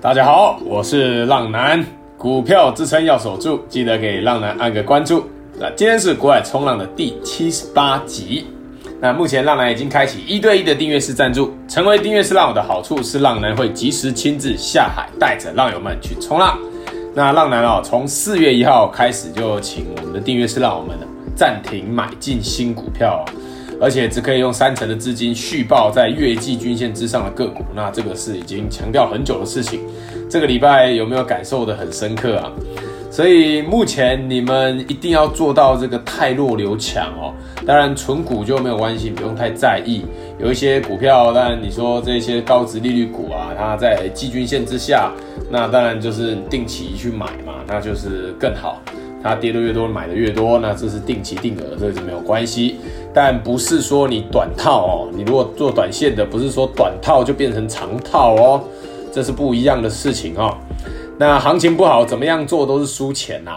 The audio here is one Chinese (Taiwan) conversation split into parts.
大家好，我是浪男，股票支撐要守住，記得給浪男按個關注！那今天是股海衝浪的第七十八集！那目前浪男已經開啟一對一的訂閱式贊助，成為訂閱式浪友的好處是，浪男會及時親自下海，帶着浪友們去衝浪。那浪男哦，從四月一號開始就請我們的訂閱式浪友們暫停買進新股票。而且只可以用三成的資金續抱在月季均線之上的個股，那這個是已經強調很久的事情。這個禮拜有沒有感受得很深刻啊？所以目前你們一定要做到這個汰弱留強哦。當然存股就沒有關係，不用太在意。有一些股票，當然你說這些高殖利率股啊，它在欸、季均線之下，那當然就是定期去買嘛，那就是更好。它跌的越多，買的越多，那這是定期定額，這是沒有關係。但不是說你短套哦，你如果做短線的，不是說短套就變成長套哦，這是不一樣的事情哦。那行情不好，怎麼樣做都是輸錢吶，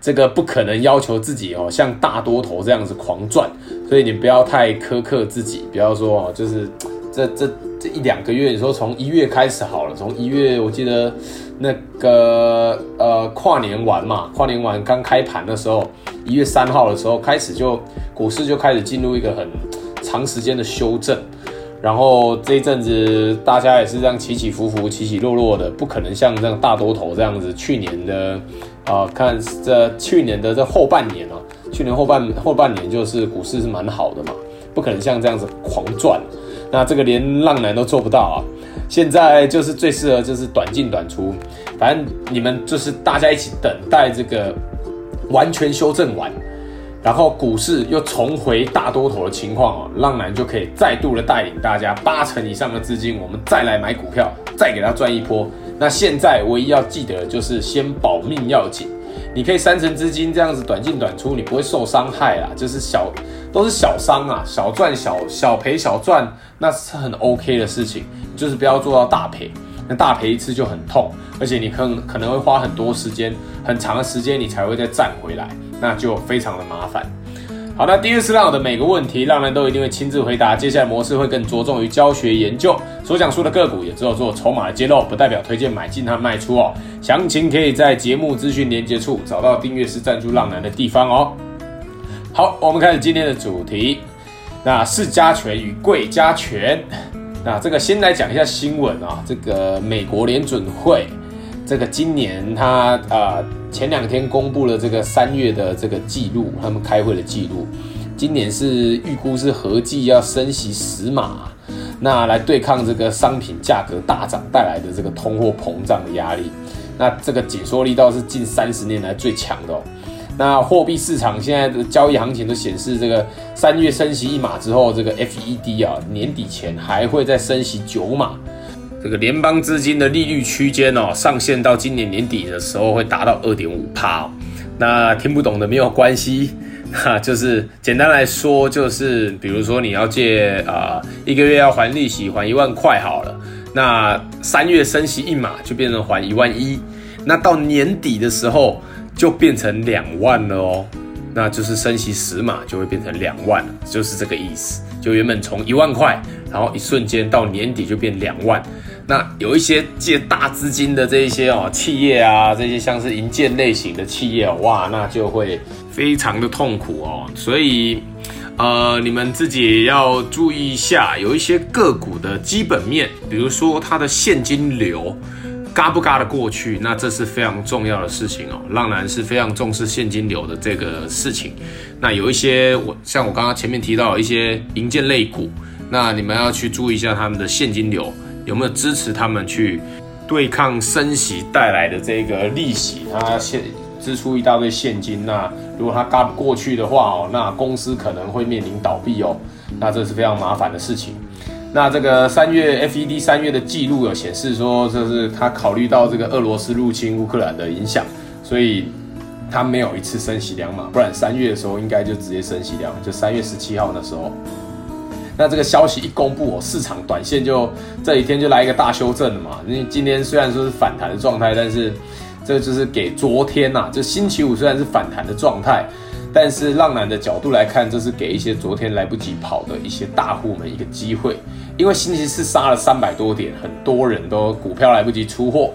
這個不可能要求自己哦，像大多頭這樣子狂賺，所以你不要太苛刻自己，不要說哦，就是這這。這這一兩個月，你說從一月開始好了，從一月我記得那個呃跨年完嘛，跨年完剛開盤的時候，一月三號的時候開始就股市就開始進入一個很長時間的修正，然後這一陣子大家也是這樣起起伏伏、起起落落的，不可能像這樣大多頭這樣子。去年的啊、呃，看這去年的這後半年啊，去年後半後半年就是股市是蠻好的嘛，不可能像這樣子狂賺。那這個連浪男都做不到啊！現在就是最適合就是短進短出，反正你們就是大家一起等待這個完全修正完，然後股市又重回大多頭的情況哦，浪男就可以再度的帶領大家八成以上的資金，我們再來買股票，再給他賺一波。那現在唯一要記得就是先保命要緊。你可以三成資金這樣子短進短出，你不會受傷害啦。就是小，都是小傷啊，小賺小小賠小賺，那是很 OK 的事情。你就是不要做到大賠，那大賠一次就很痛，而且你可能可能會花很多時間，很長的時間你才會再賺回來，那就非常的麻煩。好的，那訂閱式浪友的每個問題，浪男都一定會親自回答。接下來模式會更着重於教學研究，所講述的個股也只有做籌碼的揭露，不代表推薦買進和賣出哦。詳情可以在節目資訊連結處找到訂閱式贊助浪男的地方哦。好，我們開始今天的主題，那市加權與櫃加權，那這個先來講一下新聞啊、哦，這個美國聯準會。這個今年他啊，前兩天公布了這個三月的這個記錄，他們開會的記錄。今年是預估是合計要升息十碼，那來對抗這個商品價格大漲帶來的這個通貨膨脹的壓力。那這個緊縮力道是近三十年來最強的哦。那貨幣市場現在的交易行情都顯示，這個三月升息一碼之後，這個 FED 啊，年底前還會再升息九碼。這個聯邦資金的利率區間哦，上限到今年年底的時候會達到二點五趴。那聽不懂的沒有關係，哈，就是簡單來說，就是比如說你要借啊、呃，一個月要還利息，還一萬塊好了。那三月升息一碼，就變成還一萬一。那到年底的時候，就變成兩萬了哦。那就是升息十碼就會變成兩萬了，就是這個意思。就原本從一萬塊，然後一瞬間到年底就變兩萬。那有一些借大資金的這一些哦企業啊，這些像是營建類型的企業，哇，那就會非常的痛苦哦。所以，呃，你們自己也要注意一下，有一些個股的基本面，比如說它的現金流。嘎不嘎的過去，那這是非常重要的事情哦。浪男是非常重視現金流的這個事情。那有一些我像我剛剛前面提到一些營建類股，那你們要去注意一下他們的現金流有沒有支持他們去對抗升息帶來的這個利息。他現支出一大堆現金，那如果他嘎不過去的話哦，那公司可能會面臨倒閉哦。那這是非常麻煩的事情。那這個三月 F E D 三月的記錄有顯示說，就是他考慮到這個俄羅斯入侵烏克蘭的影響，所以他沒有一次升息兩碼，不然三月的時候應該就直接升息兩碼，就三月十七號那時候。那這個消息一公布，哦，市場短線就這幾天就來一個大修正了嘛。因為今天雖然說是反彈的狀態，但是這就是給昨天吶、啊，就星期五雖然是反彈的狀態，但是浪男的角度來看，這是給一些昨天來不及跑的一些大戶們一個機會。因為星期四殺了三百多點，很多人都股票來不及出貨，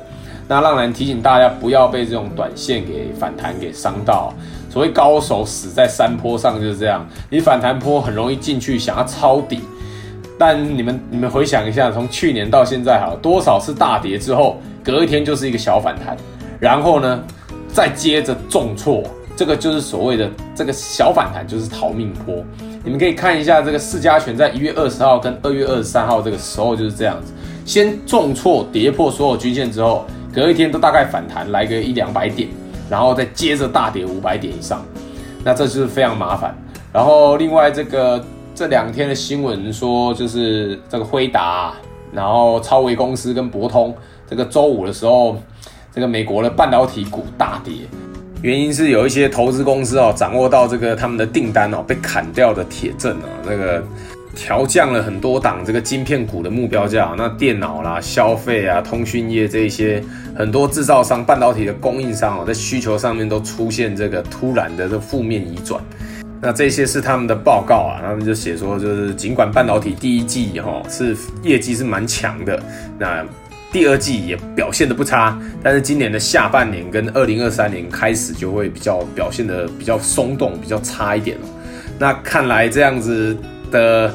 那浪男提醒大家不要被這種短線給反彈給傷到啊。所謂高手死在山坡上就是這樣，你反彈坡很容易進去想要抄底，但你們你們回想一下，從去年到現在哈，多少次大跌之後，隔一天就是一個小反彈，然後呢，再接着重挫。這個就是所謂的這個小反彈，就是逃命波。你們可以看一下這個市加權在一月二十號跟二月二十三號這個時候就是這樣子，先重挫跌破所有均線之後，隔一天都大概反彈來個一兩百點，然後再接着大跌五百點以上，那這就是非常麻煩。然後另外這個這兩天的新聞說，就是這個輝達，然後超微公司跟博通，這個周五的時候，這個美國的半導體股大跌。原因是有一些投資公司哦，掌握到這個他們的訂單哦被砍掉的鐵證啊，那個調降了很多檔這個晶片股的目標價。那電腦啦、消費啊、通訊業這一些很多製造商、半導體的供應商哦，在需求上面都出現這個突然的這負面移轉。那這些是他們的報告啊，他們就寫說，就是儘管半導體第一季哈是業績是蠻強的，那第二季也表現的不差，但是今年的下半年跟二零二三年開始就會比較表現的比較鬆動，比較差一點哦。那看來這樣子的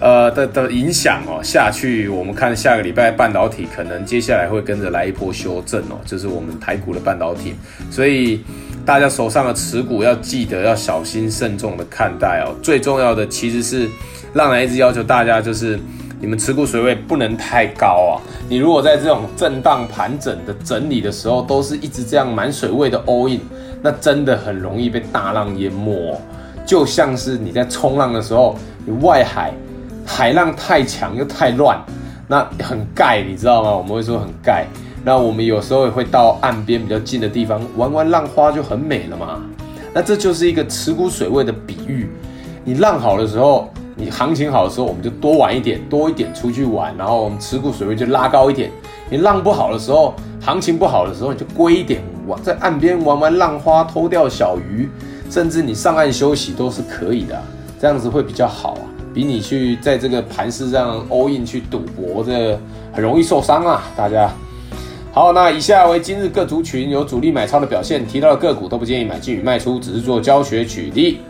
呃的的影響哦下去，我們看下個禮拜半導體可能接下來會跟着來一波修正哦，就是我們台股的半導體，所以大家手上的持股要記得要小心慎重的看待哦。最重要的其實是浪男一直要求大家就是。你們持股水位不能太高啊！你如果在這種震盪盤整的整理的時候，都是一直這樣滿水位的 all in，那真的很容易被大浪淹沒。就像是你在衝浪的時候，你外海海浪太強又太亂，那很蓋，你知道嗎？我們會說很蓋。那我們有時候也會到岸邊比較近的地方玩玩浪花，就很美了嘛。那這就是一個持股水位的比喻。你浪好的時候。你行情好的時候，我們就多玩一點，多一點出去玩，然後我們持股水位就拉高一點。你浪不好的時候，行情不好的時候，你就龜一點，往在岸邊玩玩浪花，偷釣小魚，甚至你上岸休息都是可以的，這樣子會比較好啊，比你去在這個盤市上 all in 去賭博，這很容易受傷啊。大家好，那以下為今日各族群有主力買超的表現，提到的個股都不建議買進與賣出，只是做教學舉例。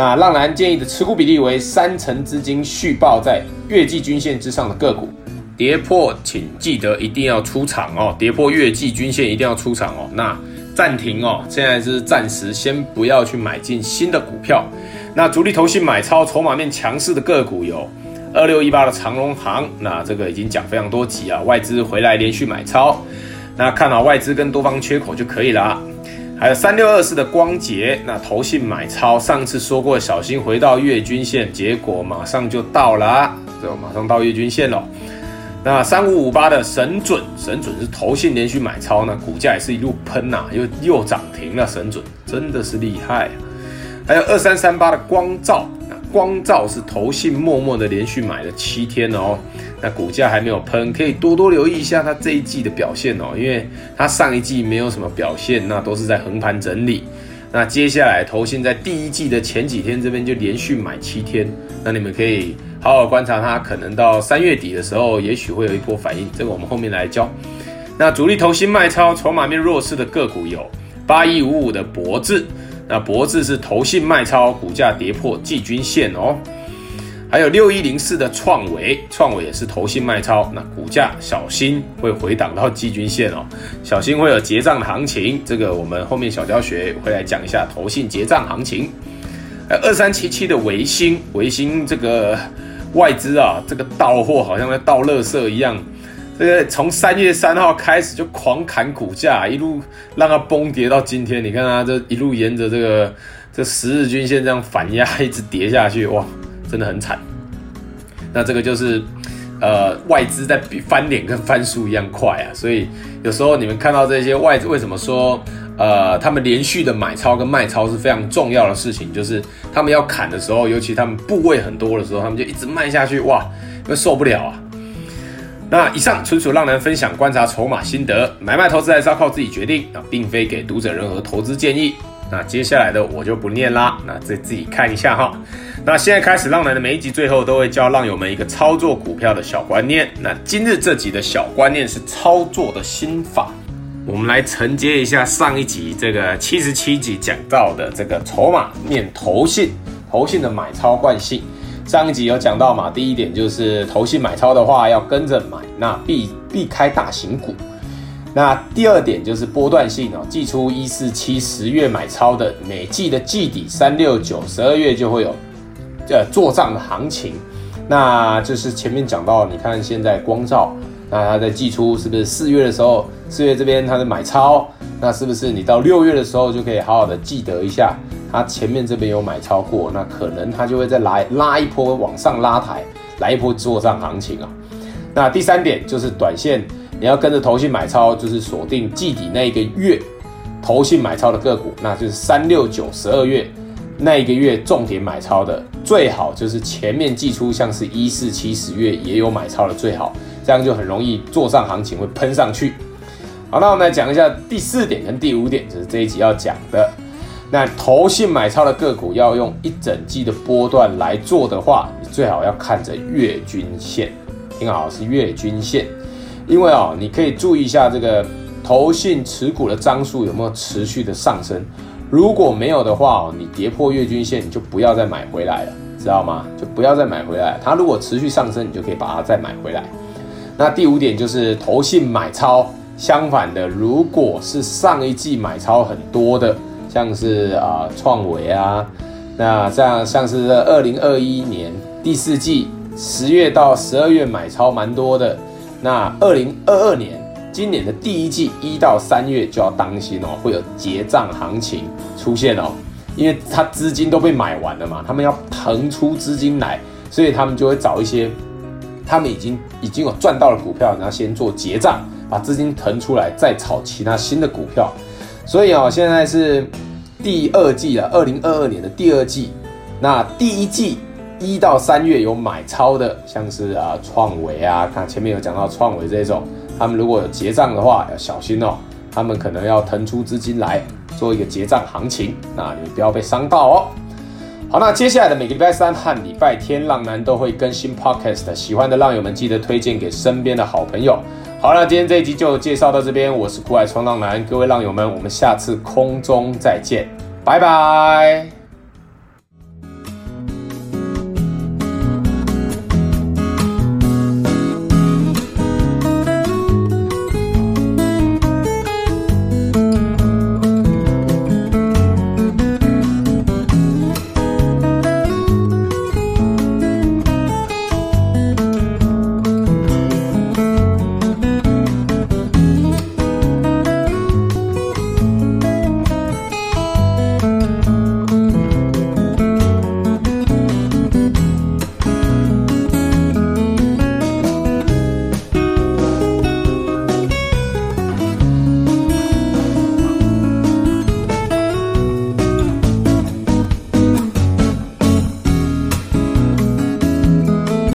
那浪男建議的持股比例為三成資金續抱在月季均線之上的個股，跌破請記得一定要出場哦，跌破月季均線一定要出場哦。那暫停哦，現在是暫時先不要去買進新的股票。那主力投信買超籌碼面強勢的個股有二六一八的長榮航，那這個已經講非常多集啊，外資回來連續買超，那看好外資跟多方缺口就可以了。還有三六二四的光頡，那投信買超，上次說過小心回到月均線，結果馬上就到了，就馬上到月均線了。那三五五八的神準，神準是投信連續買超呢，股價也是一路噴吶、啊，又又漲停了，神準真的是厲害啊！還有二三三八的光罩。光罩是投信默默的連續買了七天哦，那股價還沒有噴，可以多多留意一下它這一季的表現哦，因為它上一季沒有什麼表現，那都是在橫盤整理。那接下來投信在第一季的前幾天這邊就連續買七天，那你們可以好好觀察它，可能到三月底的時候，也許會有一波反應，這個我們後面來教。那主力投信賣超籌碼面弱勢的個股有八一五五的博智。那博智是投信賣超，股價跌破季均線，線哦。還有六一零四的創惟，創惟也是投信賣超，那股價小心會回檔到季均線哦，小心會有結賬行情。這個我們後面小教學會來講一下投信結賬行情。二三七七的微星，微星這個外資啊，這個到貨好像在倒垃圾一樣。這個從三月三號開始就狂砍股價，一路讓它崩跌到今天。你看它這一路沿着這個這十日均線這樣反壓一直跌下去，哇，真的很慘。那這個就是呃外資在比翻臉跟翻書一樣快啊。所以有時候你們看到這些外資，為什麼說呃他們連續的買超跟賣超是非常重要的事情？就是他們要砍的時候，尤其他們部位很多的時候，他們就一直賣下去，哇，因為受不了啊。那以上純屬浪男分享觀察籌碼心得，買賣投資還是要靠自己決定啊，並非給讀者任何投資建議。那接下來的我就不念啦，那再自己看一下哈。那現在開始，浪男的每一集最後都會教浪友們一個操作股票的小觀念。那今日這集的小觀念是操作的心法，我們來承接一下上一集這個七十七集講到的這個籌碼面投信，投信的買超慣性。上一集有講到嘛，第一點就是投信買超的話要跟着買，那避避開大型股。那第二點就是波段性哦，季初一四七十月買超的，每季的季底三六九十二月就會有這做賬的行情。那就是前面講到，你看現在光罩，那它在季初是不是四月的時候，四月這邊它在買超，那是不是你到六月的時候就可以好好的記得一下？他前面這邊有買超過，那可能他就會再來拉，拉一波往上拉抬，來一波做上行情啊。那第三點就是短線你要跟着投信買超，就是鎖定季底那一個月投信買超的個股，那就是三六九十二月那一個月重點買超的，最好就是前面季初像是一四七十月也有買超的最好，這樣就很容易做上行情會噴上去。好，那我們來講一下第四點跟第五點，就是這一集要講的。那投信買超的個股要用一整季的波段來做的話，你最好要看着月均線，聽好，是月均線，因為啊、哦，你可以注意一下這個投信持股的張數有沒有持續的上升，如果沒有的話哦，你跌破月均線你就不要再買回來了，知道嗎？就不要再買回來。它如果持續上升，你就可以把它再買回來。那第五點就是投信買超，相反的，如果是上一季買超很多的。像是啊創惟啊，那這樣像是二零二一年第四季十月到十二月買超蠻多的，那二零二二年今年的第一季一到三月就要當心哦，會有結賬行情出現哦，因為他資金都被買完了嘛，他們要騰出資金來，所以他們就會找一些他們已經已經有賺到的股票，然後先做結賬，把資金騰出來，再炒其他新的股票。所以啊、哦，現在是第二季了，二零二二年的第二季。那第一季一到三月有買超的，像是啊創惟啊，看前面有講到創惟這種，他們如果有結賬的話，要小心哦，他們可能要騰出資金來做一個結賬行情，那你不要被傷到哦。好，那接下來的每個禮拜三和禮拜天，浪男都會更新 podcast，喜歡的浪友們記得推薦給身邊的好朋友。好了，今天這一集就介紹到這邊。我是股海衝浪男，各位浪友們，我們下次空中再見，拜拜。